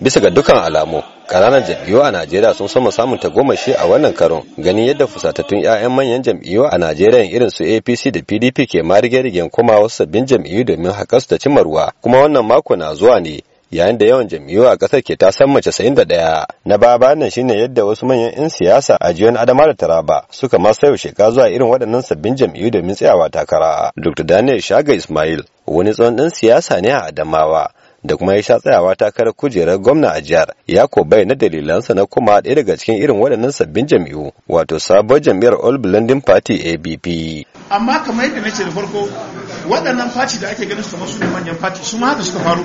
bisa ga dukkan alamu ƙananan jam'iyyu a najeriya sun sama samun tagomashi a wannan karon ganin yadda fusatattun 'ya'yan manyan jam'iyyu a najeriya irin su apc da pdp ke ma rige-rigen kuma wasu sabbin jam'iyyu domin haƙasu su da cimarwa ruwa kuma wannan mako na zuwa ne yayin da yawan jam'iyyu a ƙasar ke ta san mace sayin da ɗaya na baya bayan nan shine yadda wasu manyan 'yan siyasa a jiyon adama da taraba suka ma sayo sheka zuwa irin waɗannan sabbin jam'iyyu domin tsayawa takara dr daniel shaga ismail wani tsohon ɗan siyasa ne a adamawa da kuma ya sha tsayawa takarar kujerar gwamna a jihar ya ko na dalilansa na kuma ɗaya daga cikin irin waɗannan sabbin jam'iyyu wato sabon jam'iyyar all blending party abp amma kamar yadda na ce da farko waɗannan fati da ake ganin su kamar su ne manyan fati su ma haka suka faru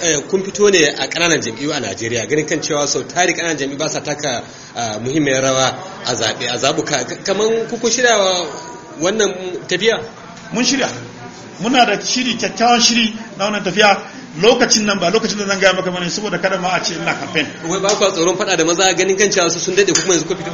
eh, kun fito ne a ƙananan jam'iyyu a najeriya ganin kan cewa sau tari ƙananan jam'iyyu ba sa taka ah, muhimmiyar rawa a zaɓe a zaɓuka kamar kuku shirya wannan tafiya mun shirya muna da shiri kyakkyawan shiri na wannan tafiya lokacin nan ba lokacin da zan gaya maka bane saboda kada ma a ce ina campaign wai ba ku tsoron faɗa da maza ganin kan cewa su sun dade kuma yanzu ku fito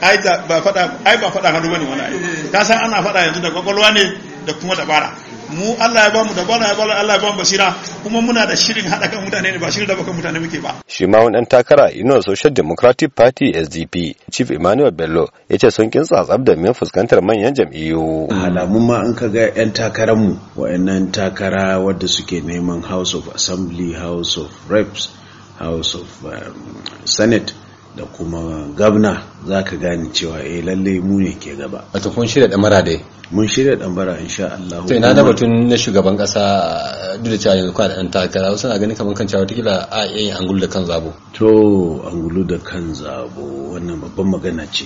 ai ba faɗa ai ba faɗa hannu bane wani ai ka san ana faɗa yanzu da kwakwalwa ne da kuma dabara mu Allah ya bamu dabara ya Allah ya bamu basira kuma muna da shirin hada kan mutane ne ba shirin da mutane muke ba shi ma wani dan takara ino Social Democratic Party SDP Chief Emmanuel Bello ya ce sun kin tsatsab da mai fuskantar manyan jam'iyyu alamun ma an kaga yan takaran mu wayannan takara wadda suke neman House of Assembly House of Reps House of um, Senate da kuma gabna za ka gane cewa eh lalle mu ne ke gaba. Wato kun shirya damara dai. mun shirya ɗambara insha Allah. to na da batun na shugaban kasa duk da cewa yanzu kwana ɗan takara wasu na ganin kamar kan cewa watakila a iya yin angulu da kan zabo. to angulu da kan zabo wannan babban magana ce.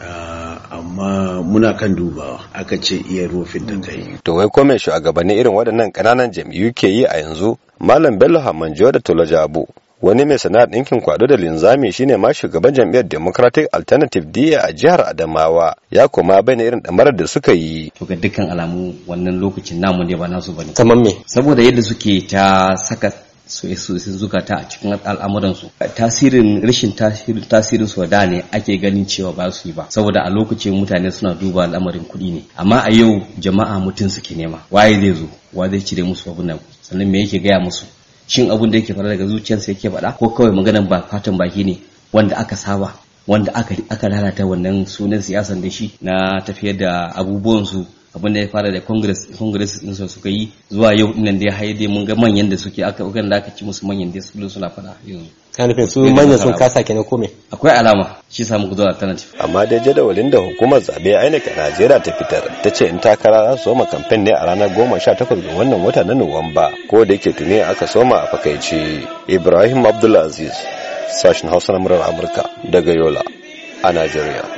Ah, amma muna kan dubawa aka ce iya rufin da kai. Mm. To wai kome shugabanni irin waɗannan ƙananan jam'iyyu ke yi a yanzu Malam Bello Hamanjo da Tolaja Abu wani mai sana'ar ɗinkin kwado da linzami shine ma shugaban jam'iyyar democratic alternative da a jihar adamawa ya koma bayyana irin damarar da suka yi to ga dukkan alamu wannan lokacin namu ne ba nasu bane kamar me saboda yadda suke ta saka su ta a cikin al'amuransu tasirin rashin tasirin tasirin su da ne ake ganin cewa ba su yi ba saboda a lokacin mutane suna duba al'amarin kuɗi ne amma a yau jama'a mutum suke nema waye zai zo wa zai cire musu abin nan sannan me yake gaya musu shin abin da yake fara daga zuciyarsa yake faɗa ko kawai maganan ba fatan baki ne wanda aka saba wanda aka, lalata wannan sunan siyasan da shi na tafiyar da abubuwansu abin da ya fara da congress congress din su suka yi zuwa yau nan da ya haye dai mun ga manyan da suke aka ga da aka ci musu manyan da su suna fada yanzu ka fa su manyan sun kasa kenan kome akwai alama shi samu gudu alternative amma dai jadawalin da hukumar zabe a a Najeriya ta fitar ta ce in takara za su soma kamfen ne a ranar 18 ga wannan wata na Nuwamba ko da yake tuni aka soma a fakaici Ibrahim Abdulaziz sashen Hausa na murar Amurka daga Yola a Najeriya